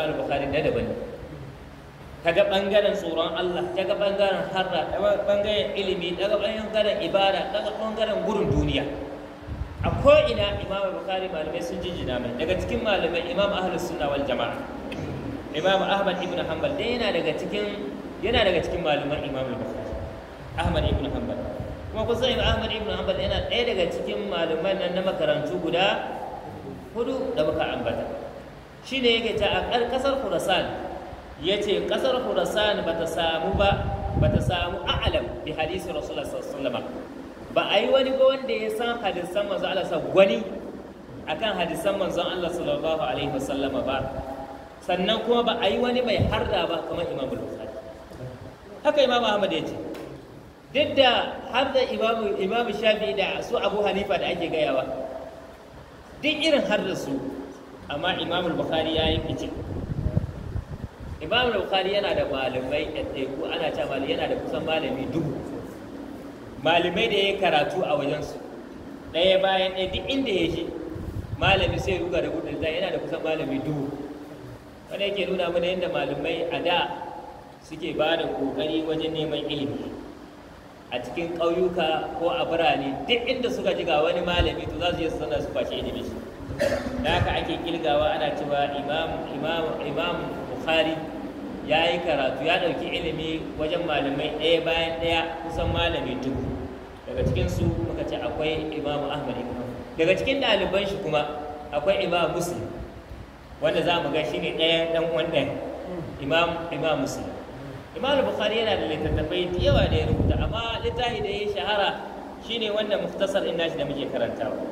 al bukhari da daban ta ga bangaren tsoron Allah ta ga bangaren harra ta ga bangaren ilimi ta ga bangaren ibada ta ga bangaren gurin duniya a ko'ina imam bukhari malamai sun jinjina mai daga cikin malamai imam ahlus sunna wal jama'a imam ahmad ibn hanbal dai yana daga cikin yana daga cikin malaman imam bukhari ahmad ibn hanbal kuma kun sani ahmad ibn hanbal yana ɗaya daga cikin malaman nan na makarantu guda hudu da muka ambata ne yake ta a kasar khurasan yace kasar khurasan ta samu ba Ba ta samu a'lam bi hadisi rasulullah sallallahu alaihi ba a yi wani ba wanda ya san hadisan manzon Allah sa gwani akan hadisan manzon Allah sallallahu alaihi wasallam ba sannan kuma ba a yi wani mai harda ba kamar Imam Bukhari haka Imam Ahmad ya ce duk da harda Imam Imam Shafi'i da su Abu Hanifa da ake gayawa duk irin har da su amma imam bukhari ya yi fice imam bukhari yana da malamai ɗaiɗaiku ana cewa yana da kusan malami dubu malamai da ya yi karatu a wajensu ɗaya bayan ɗaya duk inda ya je malami sai ruga da gudun zai yana da kusan malami dubu wanda yake nuna mana yadda malamai a da suke ba da ƙoƙari wajen neman ilimi a cikin ƙauyuka ko a birane duk inda suka ji ga wani malami to za su yi su sana su kwace ilimi shi da haka ake kilgawa ana cewa imam bukhari ya yi karatu ya ɗauki ilimi wajen malamai ɗaya bayan ɗaya kusan malami dubu daga cikinsu muka ce akwai imam ahmad ibn daga cikin ɗaliban shi kuma akwai imam muslim wanda za mu ga shi ne ɗaya ɗan wannan imam imam muslim imam bukhari yana da littattafai da yawa da ya rubuta amma littafi da ya shahara shine wanda muftasar inna shi da muke karantawa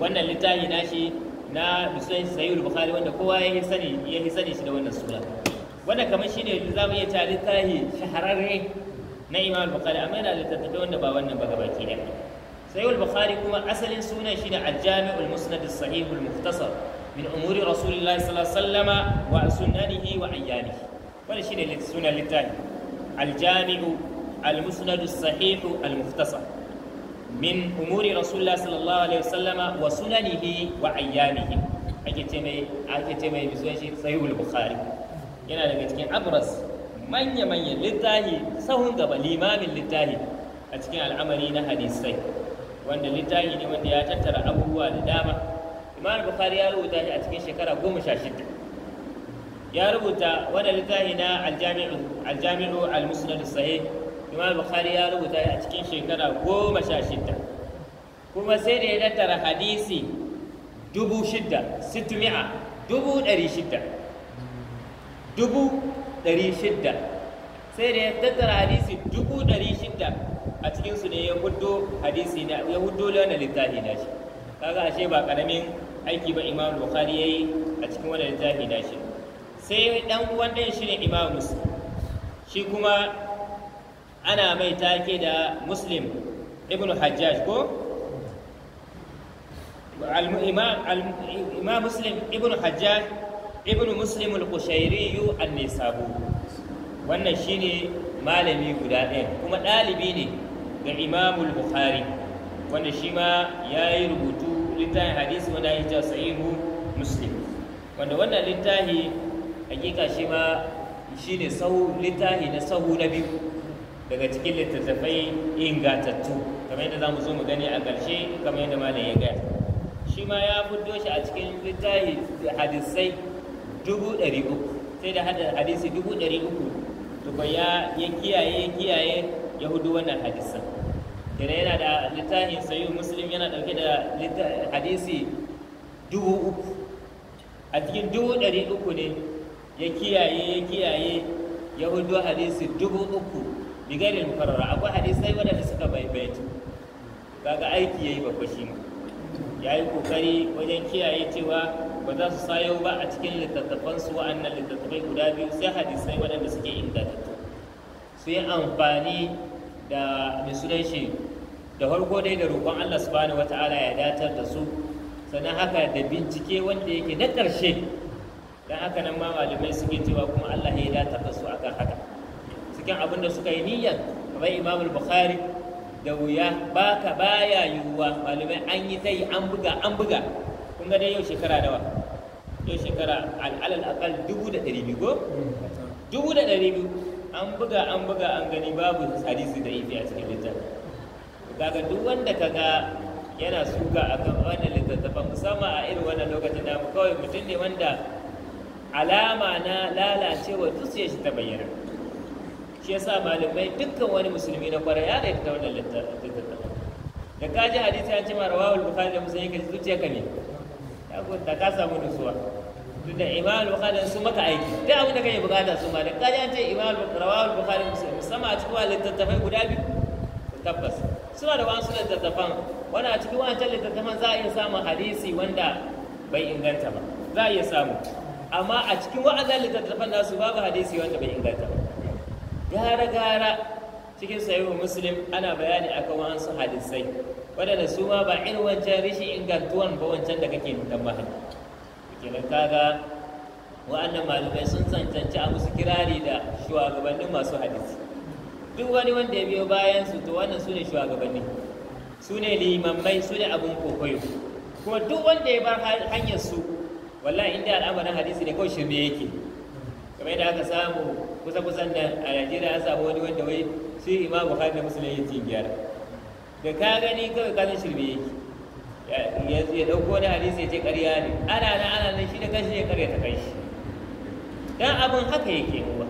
wannan littafi na shi na sayyid bukhari wanda kowa ya sani ya sani shi da wannan sura wanda kamar shine za mu iya cewa littafi shahararre na imam bukhari amma yana littattafai wanda ba wannan ba gabaki da sayyid bukhari kuma asalin sunan shi ne al-jami'ul musnad as-sahih al-mukhtasar min umuri rasulillahi sallallahu alaihi wasallam wa sunanihi wa ayyamihi wannan shine sunan littafi al-jami'u al-musnad as-sahih al-mukhtasar min umuri rasulullah sallallahu alaihi wasallama wa sunanihi wa ayyamihi ake ce mai ake ce mai bisoyin shi sahihul bukhari yana daga cikin abras manya manyan littahi sahun gaba limamin littahi a cikin al'amari na hadisai wanda littahi ne wanda ya tattara abubuwa da dama imam bukhari ya rubuta shi a cikin shekara goma sha shida ya rubuta wani littahi na aljami'u aljami'u al-musnad sahih imam bukhari ya rubuta a cikin shekara goma sha shidda kuma sai da ya tattara hadisi dubu shidda situmi'a dubu ɗari shidda dubu ɗari shidda sai da ya tattara hadisi dubu ɗari shidda a cikinsu ne ya hudo hadisi na ya hudo lana littafi na shi kaga ashe ba karamin aiki ba imam bukhari ya yi a cikin wannan littafi na shi sai dan uwan ɗan shi ne imam muslim shi kuma ana mai take da muslim ibn hajjaj ko imam muslim ibn hajjaj ibn muslim al-qushairi an-nisabu wannan shine malami guda ɗaya kuma ɗalibi ne ga imam al-bukhari wanda shi ma ya yi rubutu littafin hadisi wanda ya ja sahihu muslim wanda wannan littafi hakika shi ma shine sahu littafi na sahu na biyu daga cikin littattafai ingantattu kamar yadda za mu zo mu gani a ƙarshe kamar yadda malam ya gaya shi ma ya buddo shi a cikin littafi hadisai dubu ɗari uku sai da hada hadisi dubu ɗari uku tukun ya kiyaye ya kiyaye ya hudu wannan hadisan kenan yana da littafin sayu muslim yana ɗauke da hadisi dubu uku a cikin dubu ɗari uku ne ya kiyaye ya kiyaye ya hudu hadisi dubu uku bigari mukarrara akwai hadisai waɗanda suka baibaitu kaga aiki yayi babba shi ma ya kokari wajen kiyaye cewa ba za su sayo ba a cikin littattafansu wa'annan littattafai guda biyu sai hadisai waɗanda suke ingantattu su yi amfani da misulanci da farko dai da roƙon Allah subhanahu wata'ala ya datar da su sannan haka da bincike wanda yake na ƙarshe don haka nan ma malamai suke cewa kuma Allah ya datar da su akan haka cikin abin da suka yi niyyar kamar imam bukhari da wuya baka baya yiwuwa malamai an yi ta yi an buga an buga kun ga dai yau shekara dawa yau shekara al'alal akal dubu da ɗari biyu ko dubu da ɗari biyu an buga an buga an gani babu hadisi da ifi a cikin littafi kaga duk wanda kaga yana suka a kan wannan littattafan musamman a irin wannan lokacin da kawai mutum ne wanda alama na lalacewa dusu ya shi ta bayyana shi yasa malamai dukkan wani musulmi na kwarai ya da wannan littattafan da kajin ji hadisi an ce ma wa bukhari da musulmi ka ji zuciya ka ne ya gunta ka samu nutsuwa duk da imam bukhari sun maka aiki duk abin da kake bukata su ma da kajin an ce imam rawahul bukhari musulmi musamman a cikin littattafai guda biyu tabbas suna da wasu littattafan wani a cikin wancan littattafan za a iya samun hadisi wanda bai inganta ba za a iya samu amma a cikin wa'azan littattafan nasu babu hadisi wanda bai inganta ba gara gara cikin sahihu muslim ana bayani akan wasu hadisai waɗanda su ma ba irin wancan rishi ingantuwan ba wancan da kake ba kenan kaga wa'annan malamai sun zancanci a musu kirari da shugabannin masu hadisi duk wani wanda ya biyo bayan su to wannan su ne shugabanni su ne limammai su ne abin kokoyo kuma duk wanda ya bar hanyar su wallahi inda al'amarin hadisi ne kawai shirme yake kamar yadda aka samu kusa kusan da a najeriya an samu wani wanda wai shi imam bukhari da Muslim ya ci gyara da ka gani kawai san shirme yake ya ɗauko wani hadisi ya ce ƙarya ne ana nan ana nan shi da kanshi ya ƙarya ta kanshi dan abun haka yake kuma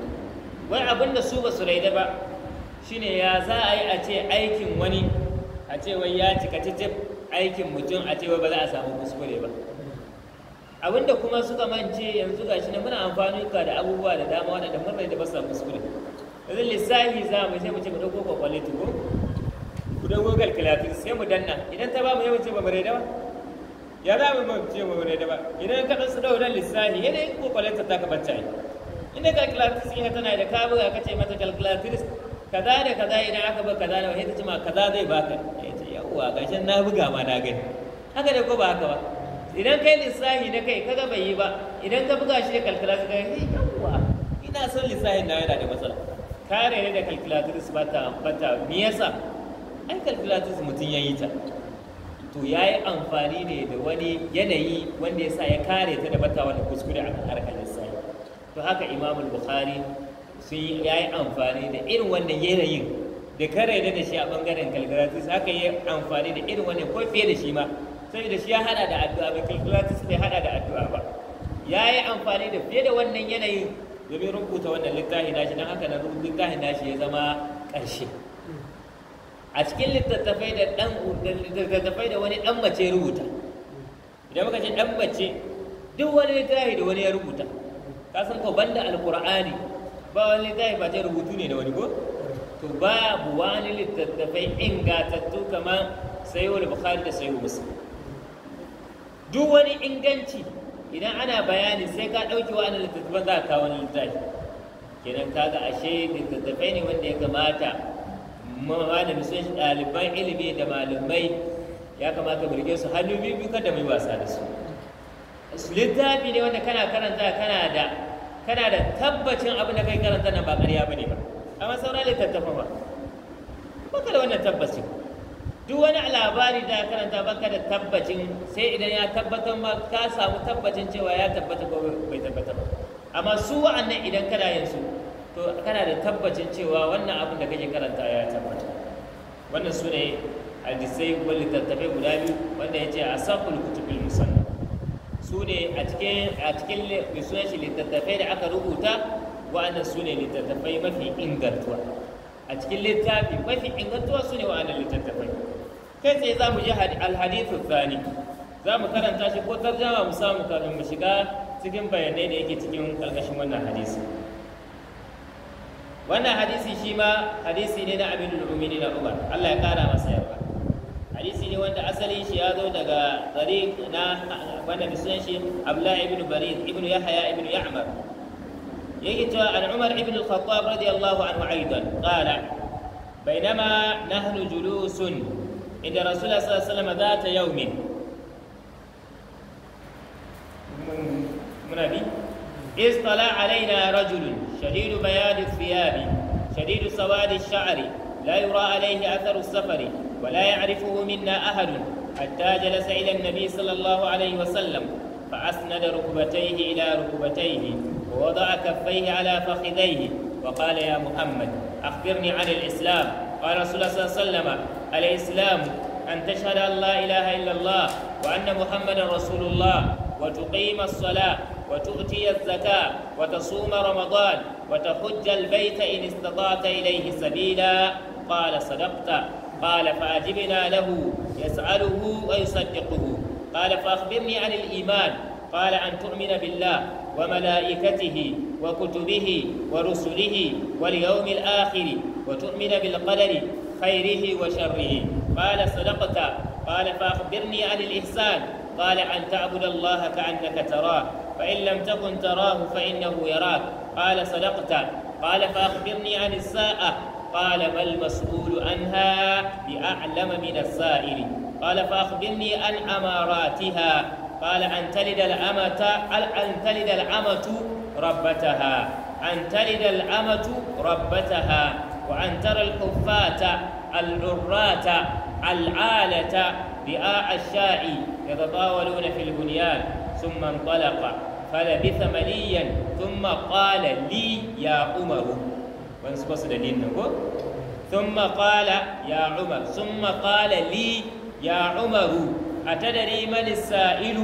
wai abin da su ba su raida ba shine ya za a yi a ce aikin wani a ce wai ya cika aikin mutum a ce wai ba za a samu kuskure ba abinda kuma suka mance yanzu shi ne muna amfani ka da abubuwa da dama waɗanda mun da ba samu su ne yanzu lissafi za mu sai mu ce mu ɗauko kwakwale tuko ku ɗauko kalkulatin sai mu danna idan ta ba mu yawan ce ba mu rai da ba ya za mu ba mu ce ba mu rai da ba idan ka ɗan su ɗau nan lissafi yin kwakwale ta ta ka bacca yi inda kalkulatin sun tana da ka buga ka ce mata kalkulatin kaza da kaza idan aka ba kaza da wahai ta ce ma kaza zai baka ya ce yawwa gashin na buga ma na gani haka da ko ba haka ba idan kai lissahi na kai kaga bai yi ba idan ka buga shi da calculator ka yi yawa ina son lissahi na yana da matsala kare ne da calculator su bata bata me yasa ai calculator mutum ya yi ta to ya yi amfani ne da wani yanayi wanda ya sa ya kare ta da bata wani kuskure a harkar lissahi to haka imamul bukhari sun yi ya yi amfani da irin wannan yanayin da kare da shi a bangaren calculator haka ya yi amfani da irin wannan ko fiye da shi ma da shi ya hada da addu'a ba calculatus bai hada da addu'a ba ya yi amfani da fiye da wannan yanayi domin rubuta wannan littafi nashi don haka na littafi nashi ya zama ƙarshe a cikin littattafai da dan littattafai da wani ɗan mace rubuta idan muka ce ɗan mace duk wani littafi da wani ya rubuta ka san ko banda alƙur'ani ba wani littafi ba ta rubutu ne da wani ko to babu wani littattafai ingatattu kamar sayo bukhari da sayo muslim duk wani inganci idan ana bayani sai ka ɗauki wa'annan littattafa za ka kawo wani littafi kenan ga ashe littattafai ne wanda ya kamata malami sun shi ɗaliban ilimi da malamai ya kamata mu rike su hannu biyu kada mu yi wasa da su littafi ne wanda kana karanta kana da kana da tabbacin abin da kai karanta nan ba ƙarya bane ba amma sauran littattafa ba ka da wannan tabbacin duk wani labari da karanta baka da tabbacin sai idan ya tabbatar ma ka samu tabbacin cewa ya tabbata ko bai tabbata ba amma su wa'annan idan kana yin su to kana da tabbacin cewa wannan abin da kake karanta ya tabbata wannan su ne hadisai ko littattafai guda biyu wanda ya ce a sakul kutubil musanna su ne a cikin a cikin shi littattafai da aka rubuta wa'annan su ne littattafai mafi ingantuwa a cikin littafi mafi ingantuwa su ne wa'annan littattafai kai tsaye za mu je alhadithu thani za mu karanta shi ko tarjama mu samu kafin mu shiga cikin bayanai da yake cikin karkashin wannan hadisi wannan hadisi shi ma hadisi ne na abinul umini na umar allah ya kara masa yarda hadisi ne wanda asali shi ya zo daga tariq na wanda bisan shi abdullah ibn barid ibn yahya ibn ya'mar yake cewa an umar ibn al-khattab radiyallahu anhu aidan qala bainama nahnu julusun عند رسول الله صلى الله عليه وسلم ذات يوم إذ طلع علينا رجل شديد بياض الثياب شديد سواد الشعر لا يرى عليه أثر السفر ولا يعرفه منا أحد حتى جلس إلى النبي صلى الله عليه وسلم فأسند ركبتيه إلى ركبتيه ووضع كفيه على فخذيه وقال يا محمد أخبرني عن الإسلام قال رسول الله صلى الله عليه وسلم الإسلام أن تشهد أن لا إله إلا الله وأن محمدا رسول الله وتقيم الصلاة وتؤتي الزكاة وتصوم رمضان وتحج البيت إن استطعت إليه سبيلا قال صدقت قال فأجبنا له يسأله ويصدقه قال فأخبرني عن الإيمان قال أن تؤمن بالله وملائكته وكتبه ورسله واليوم الآخر وتؤمن بالقدر خيره وشره قال صدقت قال فأخبرني عن الإحسان قال أن تعبد الله كأنك تراه فإن لم تكن تراه فإنه يراك قال صدقت قال فأخبرني عن الساعة قال ما المسؤول عنها بأعلم من السائل قال فأخبرني عن أماراتها قال أن تلد الأمة أن تلد الأمة ربتها أن تلد الأمة ربتها وأن ترى الحفاة العراة العالة بآع الشاعي يتطاولون في البنيان ثم انطلق فلبث مليا ثم قال لي يا عمر ثم قال يا عمر ثم قال لي يا عمر أتدري من السائل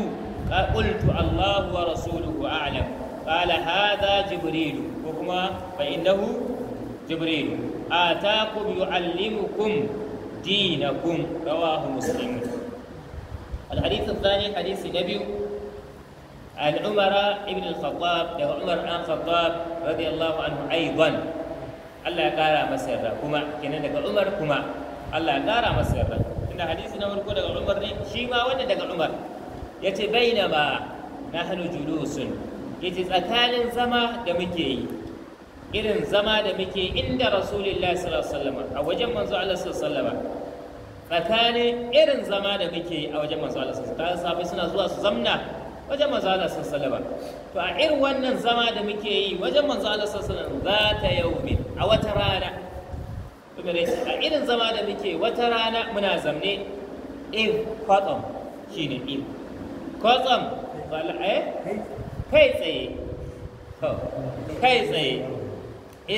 قلت الله ورسوله أعلم قال هذا جبريل وكما فإنه jibril atakum yuallimukum dinakum rawahu muslim الحديث الثاني حديث نبي عن عمر بن الخطاب ده عمر بن الخطاب رضي الله عنه ايضا الله قال مسر كما كنا ده عمر كما الله قال مسر ان حديث نمر كده عمر ne shi ma wanda daga Umar yace bainama nahnu julusun yace tsakanin zama da muke yi irin zama da muke inda rasulullahi sallallahu a wajen manzo Allah sallallahu alaihi wasallam tsakanin irin zama da muke a wajen manzo Allah sallallahu alaihi wasallam suna zuwa su zamna wajen manzo Allah sallallahu alaihi to a irin wannan zama da muke yi wajen manzo Allah sallallahu alaihi wasallam za ta yaumi a wata rana kuma dai a irin zama da muke wata rana muna zamne in kwatsam shine in kwatsam eh? kai tsaye kai tsaye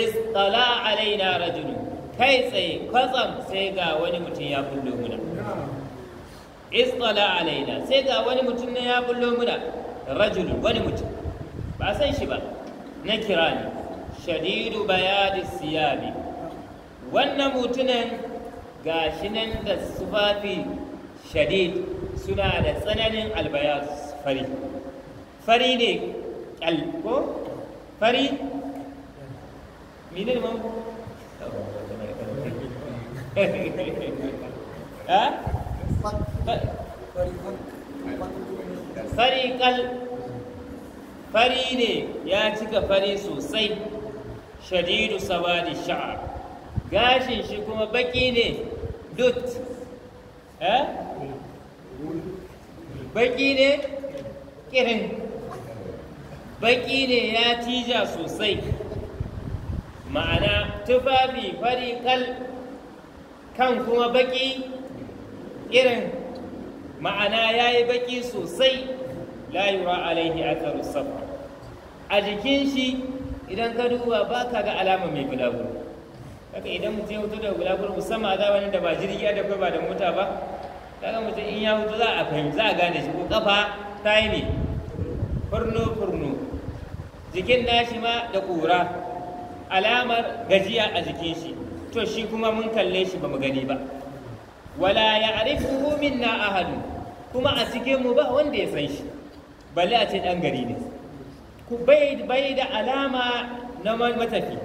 istala alaina rajulu kai tsaye kwatsam sai ga wani mutum ya bullo muna istala alaina sai ga wani mutum ne ya bullo muna rajulu wani mutum ba san shi ba na kira ne shadidu bayadi siyabi wannan mutunan ga shi nan da sufafi shadid suna da tsananin albayas fari fari ne ko fari مين الإمام؟ ها؟ farikal fari ne ya cika fari sosai shadidu sawadi sha'ar gashin shi kuma baki ne dut eh baki ne kirin baki ne ya tija sosai ma'ana tufafi fari kal kan kuma baki irin ma'ana ya yi baki sosai layura alaihi atharu safa a jikin shi idan ka duba ba ka ga alama mai gulaguro haka idan mutum ya hutu da gulaguro musamman a zamanin da ba jirgi da ba da mota ba kaga mutum in ya hutu za a fahimta za a gane shi ko kafa ta yi ne furno furno jikin nashi ma da ƙura alamar gajiya a jikin shi to shi kuma mun kalle shi ba mu gani ba wala ya arifuhu minna ahadu kuma a cikin mu ba wanda ya san shi balle a ce dan gari ne ku bai da alama na matafi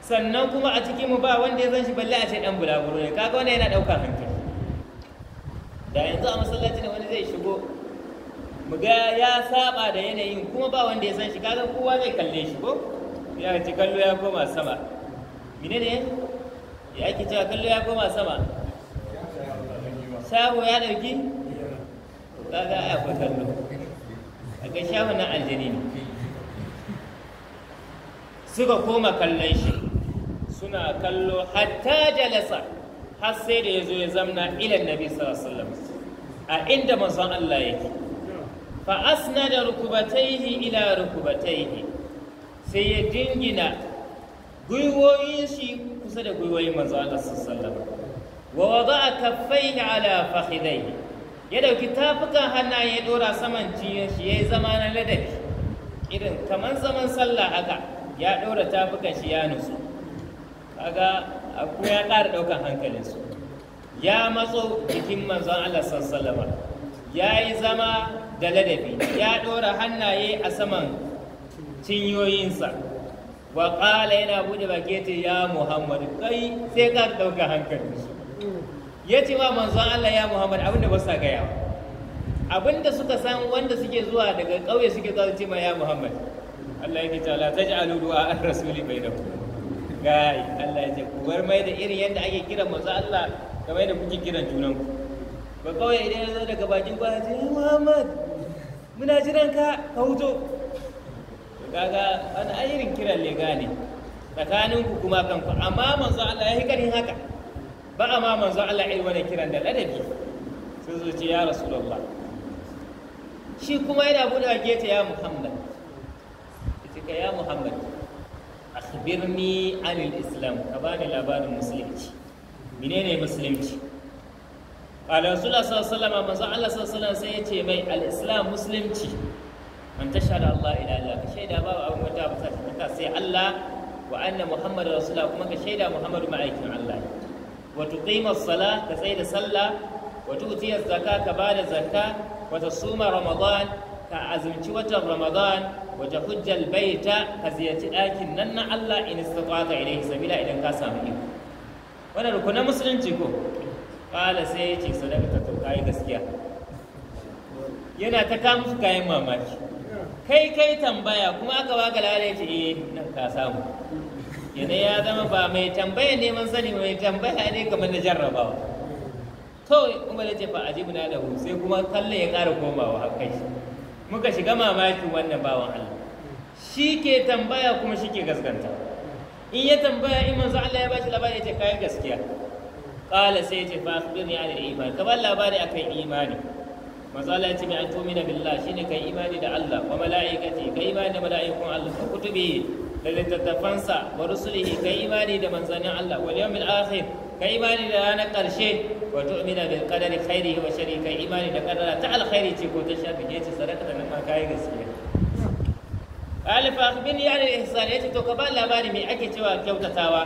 sannan kuma a cikin mu ba wanda ya san shi balle a ce dan bulaguro ne kaga wannan yana daukar hankali da yanzu a masallaci ne wani zai shigo mu ga ya saba da yanayin kuma ba wanda ya san shi kaga kowa zai kalle shi ko ya ce kallo ya koma sama mine ne ya ki cewa kallo ya koma sama shago ya ɗauki za a kwa kallo kaga shago na aljani suka koma kallon shi suna kallo hatta jalasa har sai da ya zo ya zamna ilan nabi sallallahu alaihi a inda manzon Allah yake fa da rukubataihi ila rukubataihi sai ya dingina gwiwoyin shi kusa da gwiwoyin manzo Allah sallallahu wa wada'a kaffaini ala fakhidaihi ya dauki tafukan hannaye ya dora saman cinyar shi yi zama na ladabi irin kaman zaman sallah haka ya dora tafukan shi ya nutsu kaga akwai ya ƙara ɗaukan hankalinsu ya matso jikin manzon Allah sallallahu ya yi zama da ladabi ya ɗora hannaye a saman cinyoyinsa wa ƙala yana buɗe baki ya ce ya muhammadu kai sai ka ɗauka hankali ya ce wa manzon Allah ya muhammadu abinda ba sa gaya abinda suka san wanda suke zuwa daga ƙauye suke zuwa ce ma ya muhammadu Allah ya ke ta la alulu a an rasuli da gai Allah ya ce ku bar mai da irin yadda ake kiran manzon Allah kamar yadda kuke kiran junanku ba ƙauye idan ya zo daga bakin kwana ce ya Muhammad muna jiran ka ka hujo kaga wani ayirin kiran lega ne tsakanin ku kuma kanku amma manzo Allah ya yi karin haka ba a ma manzo Allah ya yi wani kiran da ladabi Sun zo ce ya rasulullah shi kuma yana buɗe geta ya muhammad ita ka ya muhammad akhbirni anil islam ka bani labarin musulunci menene musulunci qala rasulullah sallallahu alaihi wasallam manzo Allah sallallahu alaihi wasallam sai ya ce mai al islam musulunci an da Allah ila Allah ka shaida babu abin wata ba sa ta sai Allah wa anna Muhammadu rasulullah kuma ka shaida Muhammadu ma'aikin Allah wa tuqima as-sala ka tsaya da sallah wa tu'ti az-zaka ka da zakka wa tasuma ramadan ka azumci watan ramadan wa tahujja al-baita ka ziyarci ɗakin nan na Allah in istata ilayhi sabila idan ka samu iko wannan rukunin musulunci ko qala sai ya ce sadaka ta kai gaskiya yana ta kamun kayan mamaki kai kai tambaya kuma aka baka lalai ce eh nan ka samu yana ya zama ba mai tambaya neman sani mai tambaya ne kamar na jarrabawa to kuma da ce fa ajibu na da sai kuma kalle ya ƙara komawa har kai muka shiga mamaki wannan bawan Allah shi ke tambaya kuma shi ke gaskanta in ya tambaya in manzo Allah ya bashi labari ya ce kayan gaskiya qala sai ya ce fa akhbirni an al-iman kamar labari akan imani masala ce mai an tumina billah shine kai imani da Allah wa mala'ikati kai imani da mala'ikun Allah wa kutubi da littattafansa wa rusulihi kai imani da manzannin Allah wal yawmil akhir kai imani da ranar karshe wa tu'mina bil qadari khairihi wa sharri kai imani da qadara ta alkhairi ce ko ta shafi ne ce sadaka da nan kai gaskiya alif akhbirni an al-ihsan yace to ka ba labari me ake cewa kyautatawa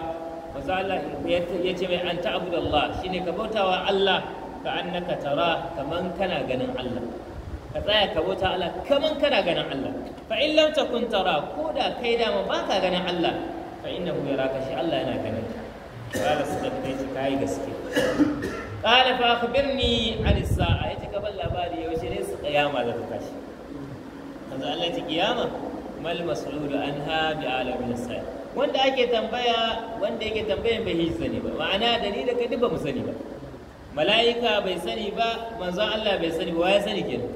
masala yace mai an ta'budu Allah shine ka bautawa Allah ka annaka tara kaman kana ganin Allah ka tsaya ka bauta Allah kaman kana ganin Allah fa in lam takun tara ko da kai dama baka ganin Allah fa innahu yaraka shi Allah yana ganin ka qala sadaqta ce kai gaske qala fa akhbirni an sa'a yace ka ban labari yaushe ne su kiyama za ta tashi kaza Allah ta kiyama mal mas'ulu anha bi alamin sa'i wanda ake tambaya wanda yake tambayan bai sani ba ma'ana da ni da ka duba mu ba mala'ika bai sani ba manzon Allah bai sani ba ya sani kenan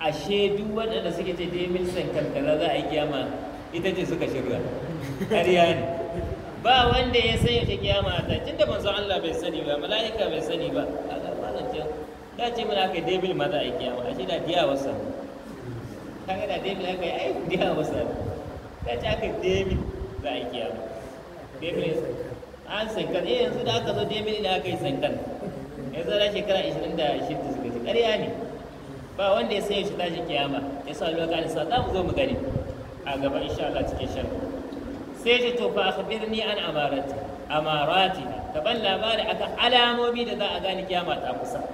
ashe duk waɗanda suke ce dai milsan kankara za a yi kiyama ita ce suka shirya ƙarya ne ba wanda ya san yaushe kiyama a ta tunda manzon Allah bai sani ba mala'ika bai sani ba a karɓar can. da ce mana aka debil ma za a yi kiyama ashe da diya wasa kaga da debil aka yi ai diya wasa da ce aka debil za a yi kiyama debil an sankan eh yanzu da aka zo debil da aka yi sankan ya zara shekara 26 da suka ci ƙarya ne ba wanda ya sanya shi tashi kiyama ya sa lokacin sa za mu zo mu gani a gaba insha Allah cikin shan. sai ce to fa akhbirni an amarati amarati ka ban labari akan alamomi da za a gane kiyama ta kusa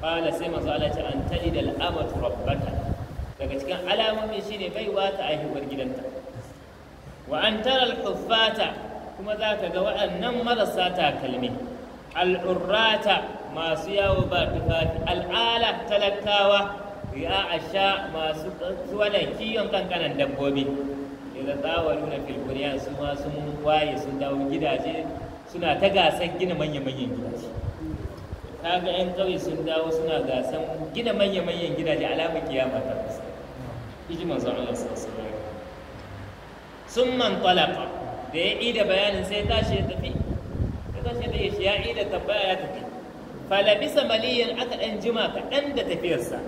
qala sai manzo Allah ce an talid al amatu rabbaka daga cikin alamomi shine baiwa ta aihuwar gidanta wa an tara al kuma za ka ga waɗannan marasa takalmi al'urrata masu yawo ba tufafi al'ala talakawa ya a sha masu tsuwanan kiyon kankanan dabbobi da tsawalu na filkuniya su ma sun waye sun dawo gidaje suna ta gasan gina manya-manyan gidaje ta 'yan kauye sun dawo suna gasan gina manya-manyan gidaje alamar kiyama ta kusa iji manzo Allah sallallahu alaihi sun man talaka da ya ida bayanin sai tashi ya tafi sai da ya shi ya da tambaya ya tafi falabisa maliyan aka ɗan jima kaɗan da tafiyarsa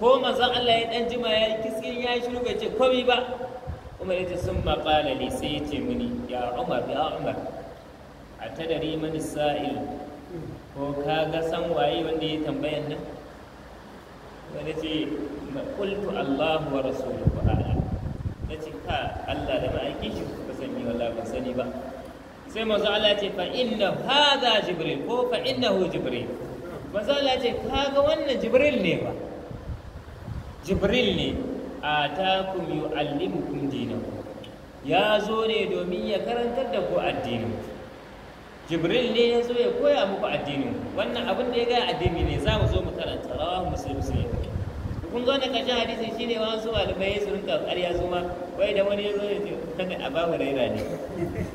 ko manzon Allah ya ɗan jima ya kiski ya shiru bai ce komi ba Umar ya ce sun maƙala ne sai ya ce mini ya Umar ya Umar a tadari mani sa'il ko ka ga san waye wanda ya tambayan nan wani ce kultu Allah wa rasuluhu ala na ce ka Allah da ma'aikin shi kuka sani wala ban sani ba sai manzo Allah ce fa inna hadha jibril ko fa innahu jibril manzo Allah ce kaga wannan jibril ne ba jibril ne atakum yuallimukum dinakum ya zo ne domin ya karantar da ku addini. jibril ne ya zo ya koya muku addinin wannan abin da ya gaya addini ne za mu zo mu karanta rawa musulmi kun zo ne ƙarshen hadisi shine wasu malamai su rinka ƙarya su wai da wani yazo ya ce kada a babu raira ne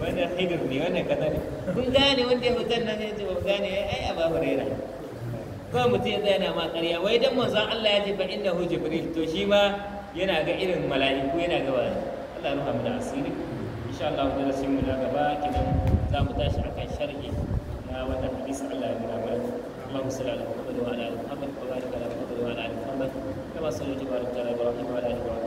wannan hidir ne wannan kasa ne kun gane wanda ya hutar nan ya ce ba gane ai a babu raira ko mutum ya tsaya ma karya wai dan manzon Allah ya ce fa hu jibril to shi ma yana ga irin mala'iku yana ga wani Allah ya rahama da asiri insha Allah da sai mu daga ba kidan za mu tashi akan sharhi na wannan hadisi Allah ya gina mana Allahumma salli ala Muhammad wa ala ali Muhammad wa barik ala wa ala ali Muhammad kama wa barakta wa